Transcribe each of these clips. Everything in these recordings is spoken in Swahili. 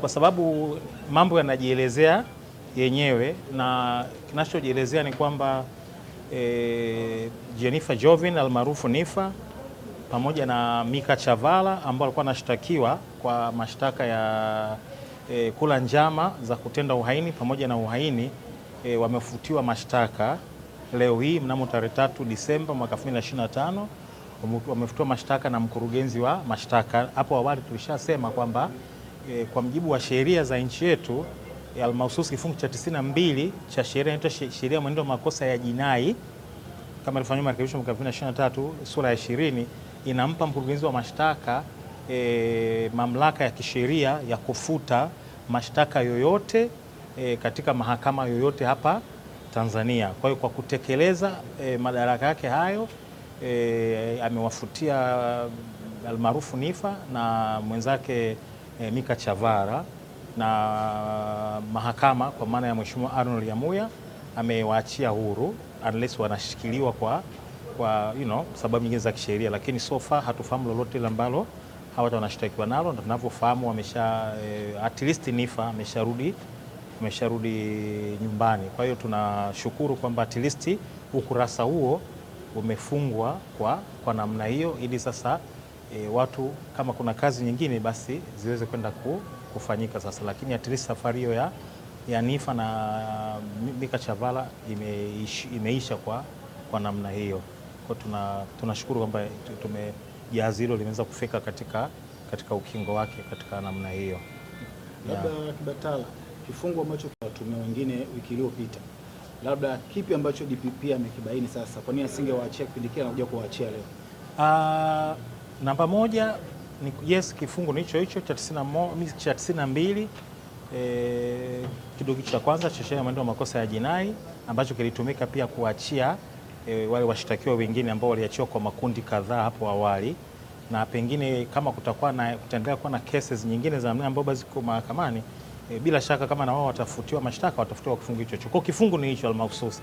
Kwa sababu mambo yanajielezea yenyewe na kinachojielezea ni kwamba eh, Jennifer Jovin almaarufu Nifa pamoja na Mika Chavala ambao walikuwa anashtakiwa kwa mashtaka ya eh, kula njama za kutenda uhaini pamoja na uhaini eh, wamefutiwa mashtaka leo hii mnamo tarehe 3 Disemba mwaka 2025 wamefutiwa mashtaka na mkurugenzi wa mashtaka. Hapo awali tulishasema kwamba e, kwa mjibu wa sheria za nchi yetu eh, almahususi kifungu cha 92 cha sheria inaitwa sheria mwenendo wa makosa ya jinai kama ilifanywa marekebisho mwaka 2023 sura ya 20 inampa mkurugenzi wa mashtaka e, mamlaka ya kisheria ya kufuta mashtaka yoyote e, katika mahakama yoyote hapa Tanzania. Kwa hiyo kwa kutekeleza e, madaraka yake hayo e, amewafutia almaarufu Nifa na mwenzake e, Mika Chavara na mahakama kwa maana ya Mheshimiwa Arnold Yamuya amewaachia huru unless wanashikiliwa kwa, kwa you know, sababu nyingine za kisheria, lakini so far hatufahamu lolote ile ambalo hawa watu wanashtakiwa nalo, na tunavyofahamu wamesha e, at least Nifa amesharudi amesharudi nyumbani. Kwa hiyo tunashukuru kwamba at least ukurasa huo umefungwa kwa, kwa namna hiyo ili sasa e, watu kama kuna kazi nyingine basi ziweze kwenda ku, kufanyika sasa, lakini at least safari hiyo ya, ya Nifa na Mika Chavala imeish, imeisha kwa, kwa namna hiyo. Kwa tuna tunashukuru kwamba tume jahazi hilo limeweza kufika katika, katika ukingo wake katika namna hiyo. Labda Kibatala, kifungu ambacho watumia wengine wiki iliyopita, labda kipi ambacho DPP amekibaini sasa, kwa nini asingewaachia kipindi kile anakuja kuwaachia leo? Ah, namba moja ni yes, kifungu ni hicho hicho cha 92 eh, kidogo cha kwanza cha sheria ya mwenendo wa makosa ya jinai ambacho kilitumika pia kuachia e, wale washtakiwa wengine ambao waliachiwa kwa makundi kadhaa hapo awali, na pengine kama kutakuwa na kutaendelea kuwa na cases nyingine za namna ambazo ziko mahakamani e, bila shaka kama na wao watafutiwa mashtaka watafutiwa kifungu hicho hicho. Kwa kifungu ni hicho almahususi.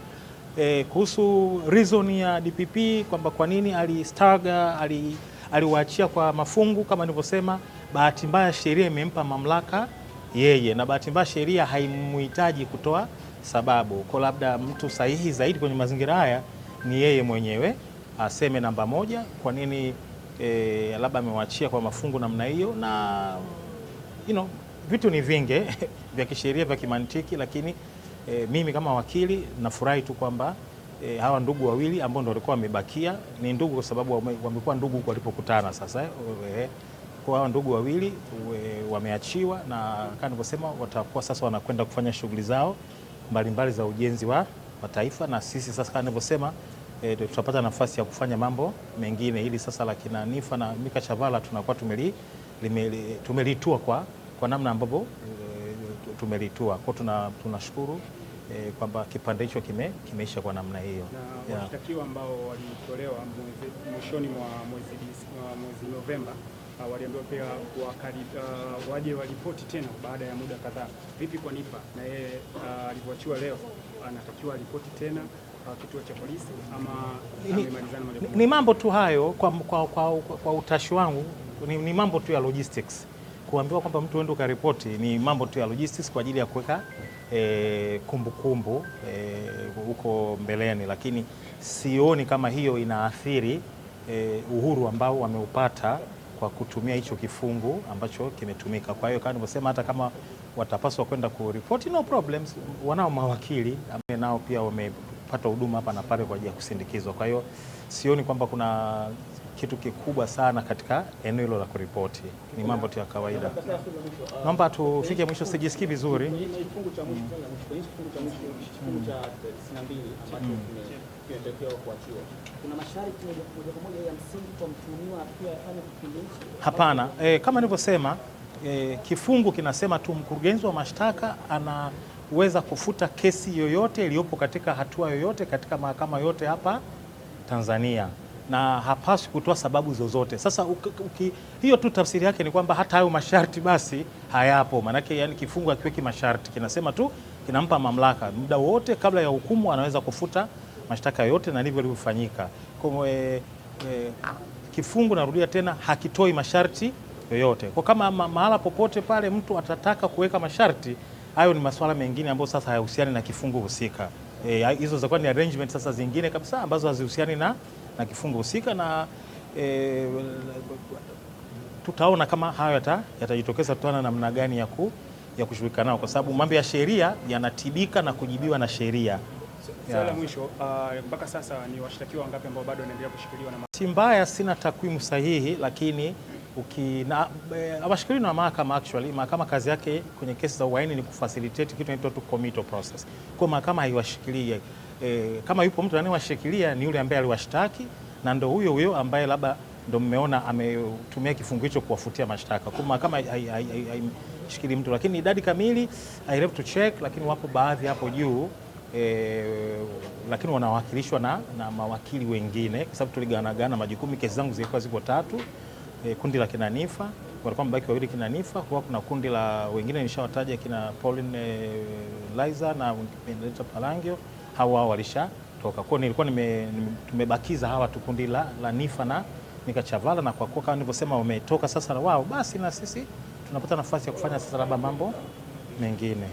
E, kuhusu reason ya DPP kwamba kwa nini alistaga ali, staga, ali aliwaachia kwa mafungu kama nilivyosema. Bahati mbaya sheria imempa mamlaka yeye, na bahati mbaya sheria haimuhitaji kutoa sababu. Kwa labda mtu sahihi zaidi kwenye mazingira haya ni yeye mwenyewe aseme namba moja, kwa nini e, labda amewaachia kwa mafungu namna hiyo, na you know, vitu ni vingi vya kisheria vya kimantiki, lakini e, mimi kama wakili nafurahi tu kwamba e, hawa ndugu wawili ambao ndio walikuwa wamebakia ni ndugu kwa sababu wamekuwa ndugu walipokutana. Sasa e, kwa hawa ndugu wawili wameachiwa na kama nilivyosema, watakuwa sasa wanakwenda kufanya shughuli zao mbalimbali mbali za ujenzi wa, wa taifa, na sisi sasa kama nilivyosema E, tutapata nafasi ya kufanya mambo mengine. Hili sasa la kina Nifa na Mika Chavala tunakuwa tumeli, tumelitua kwa, kwa namna ambavyo e, tumelitua kwa Tunashukuru tuna eh, kwamba kipande hicho kime, kimeisha kwa namna hiyo. Na washtakiwa ambao walitolewa mwishoni mwa mwezi Novemba ah, waliambiwa pia uh, waje waripoti tena baada ya muda kadhaa. Vipi kwa NIPA na yeye uh, alivyoachiwa leo anatakiwa aripoti tena uh, kituo cha polisi ama ni, Ni mambo tu hayo kwa, kwa, kwa, kwa utashi wangu ni, ni mambo tu ya logistics. Kuambiwa kwamba mtu uende ukaripoti ni mambo tu ya logistics kwa ajili ya kuweka e, kumbukumbu e, huko e, mbeleni, lakini sioni kama hiyo inaathiri e, uhuru ambao wameupata kwa kutumia hicho kifungu ambacho kimetumika. Kwa hiyo kama nilivyosema, hata kama watapaswa kwenda kuripoti, no problems, wanao mawakili ambao nao pia wamepata huduma hapa na pale kwa ajili ya kusindikizwa. Kwa hiyo sioni kwamba kuna kitu kikubwa sana katika eneo hilo la kuripoti. Ni mambo tu ya kawaida. Naomba tufike mwisho, sijisikii vizuri. Hapana, e, kama nilivyosema e, kifungu kinasema tu mkurugenzi wa mashtaka anaweza kufuta kesi yoyote iliyopo katika hatua yoyote katika mahakama yote hapa Tanzania na hapaswi kutoa sababu zozote. Sasa uki, hiyo tu tafsiri yake ni kwamba hata hayo masharti basi hayapo, maanake yani kifungu akiweki masharti, kinasema tu kinampa mamlaka muda wote kabla ya hukumu, anaweza kufuta mashtaka yote, na ndivyo ilivyofanyika. E, e, kifungu narudia tena hakitoi masharti yoyote, kwa kama ma, mahala popote pale mtu atataka kuweka masharti hayo ni masuala mengine ambayo sasa hayahusiani na kifungu husika. Eh, hizo e, zitakuwa ni arrangement sasa zingine kabisa ambazo hazihusiani na na kifungo husika na e, tutaona kama hayo yatajitokeza, tutaona namna gani ya, ku, ya kushughulika nao, kwa sababu mambo ya sheria yanatibika na kujibiwa na sheria. Swali la mwisho, ah, mpaka sasa ni washtakiwa wangapi ambao bado wanaendelea kushikiliwa na Si mbaya, sina takwimu sahihi lakini awashikiliwi na eh, na mahakama actually. Mahakama kazi yake kwenye kesi za uhaini ni kufacilitate kitu inaitwa to committal process. Kwa mahakama haiwashikilii e, kama yupo mtu anayewashikilia ni yule ambaye aliwashtaki na ndo huyo huyo ambaye labda ndo mmeona ametumia kifungu hicho kuwafutia mashtaka. Kwa mahakama haishikili mtu, lakini idadi kamili I have to check, lakini wapo baadhi hapo juu e, lakini wanawakilishwa na, na mawakili wengine, kwa sababu tuliganagana majukumu. Kesi zangu zilikuwa ziko tatu e, kundi la kina Nifa walikuwa mabaki wawili kina Nifa, kwa kuna kundi la wengine nishawataja kina Pauline eh, Liza na Benedetta Palangio, walisha walishatoka. Kwa nilikuwa nime, tumebakiza hawa tu kundi la, la Nifa na nikachavala na kwa kuwa kama nilivyosema wametoka sasa na wao, basi na sisi tunapata nafasi ya kufanya sasa labda mambo mengine.